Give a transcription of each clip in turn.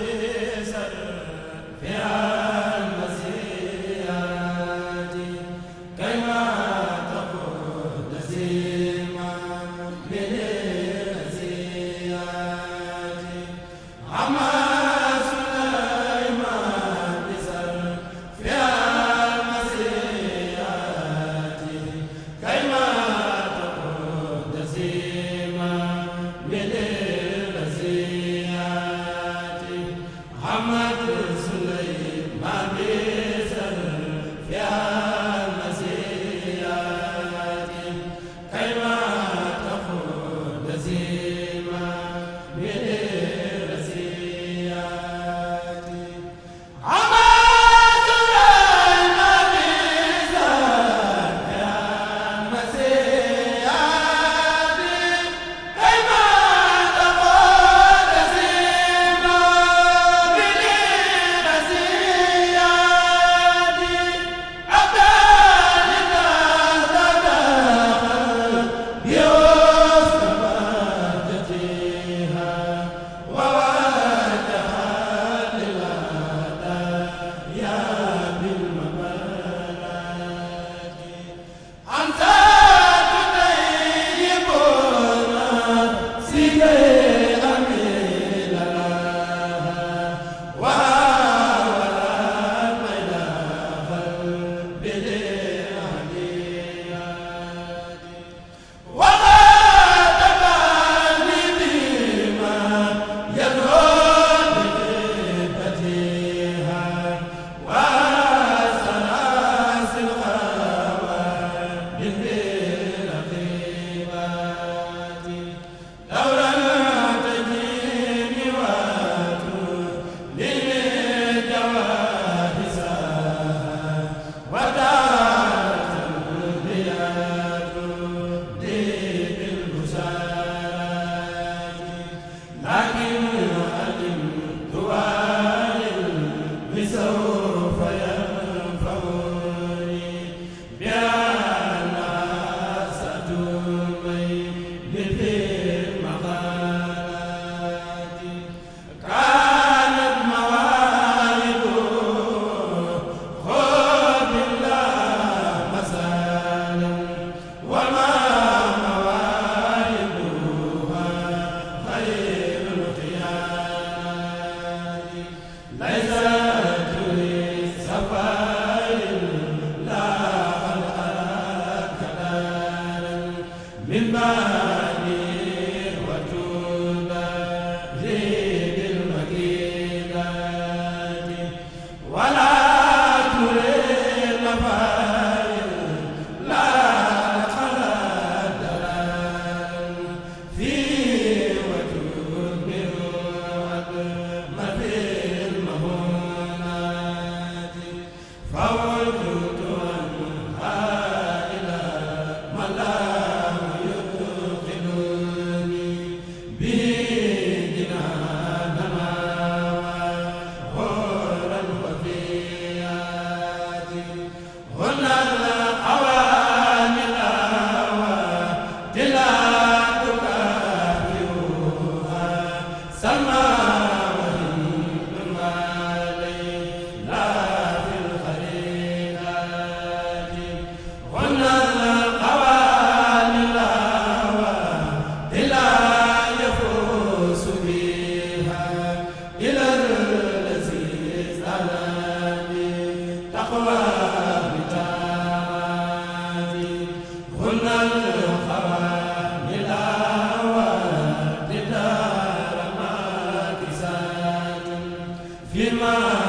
bi sar lima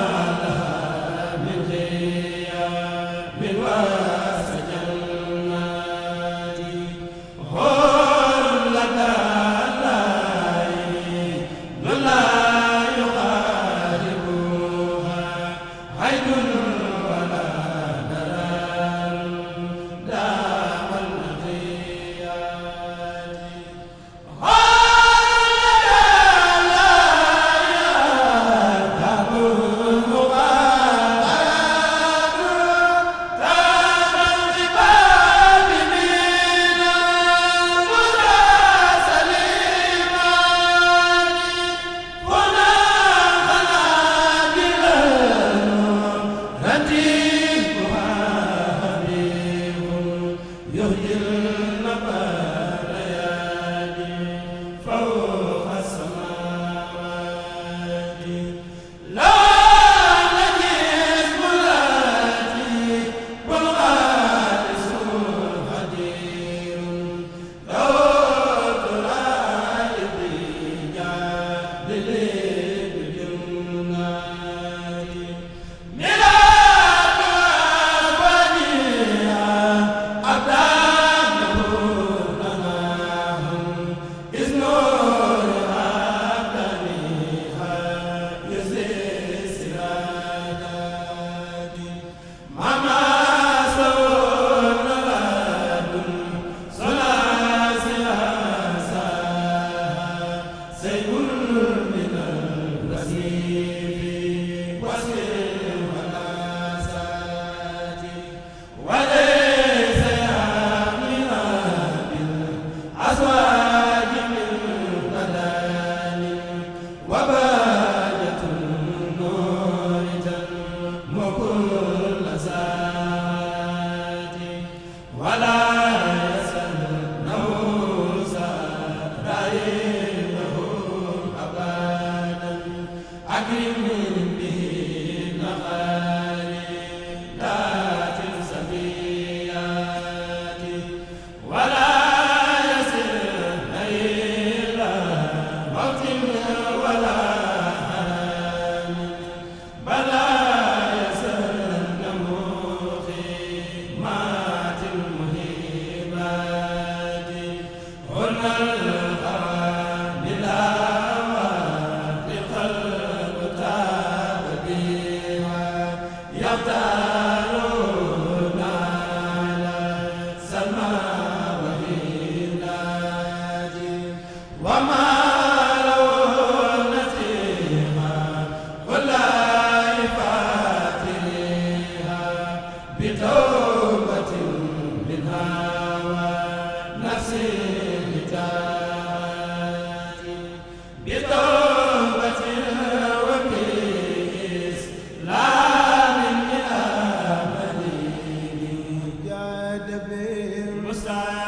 sa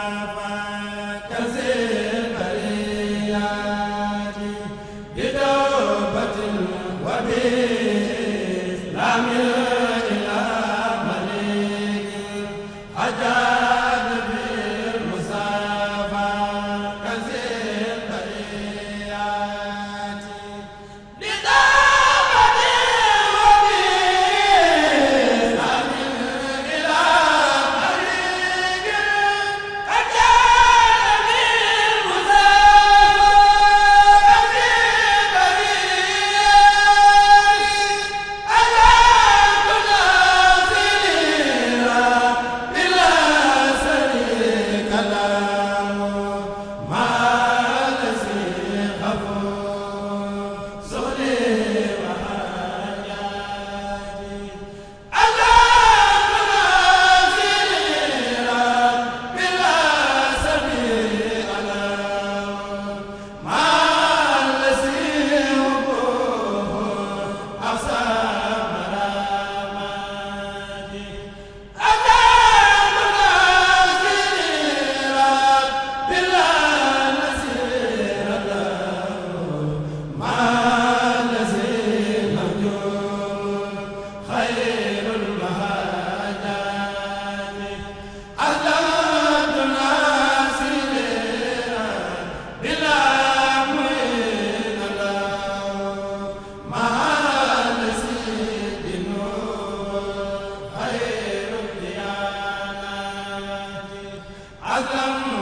atam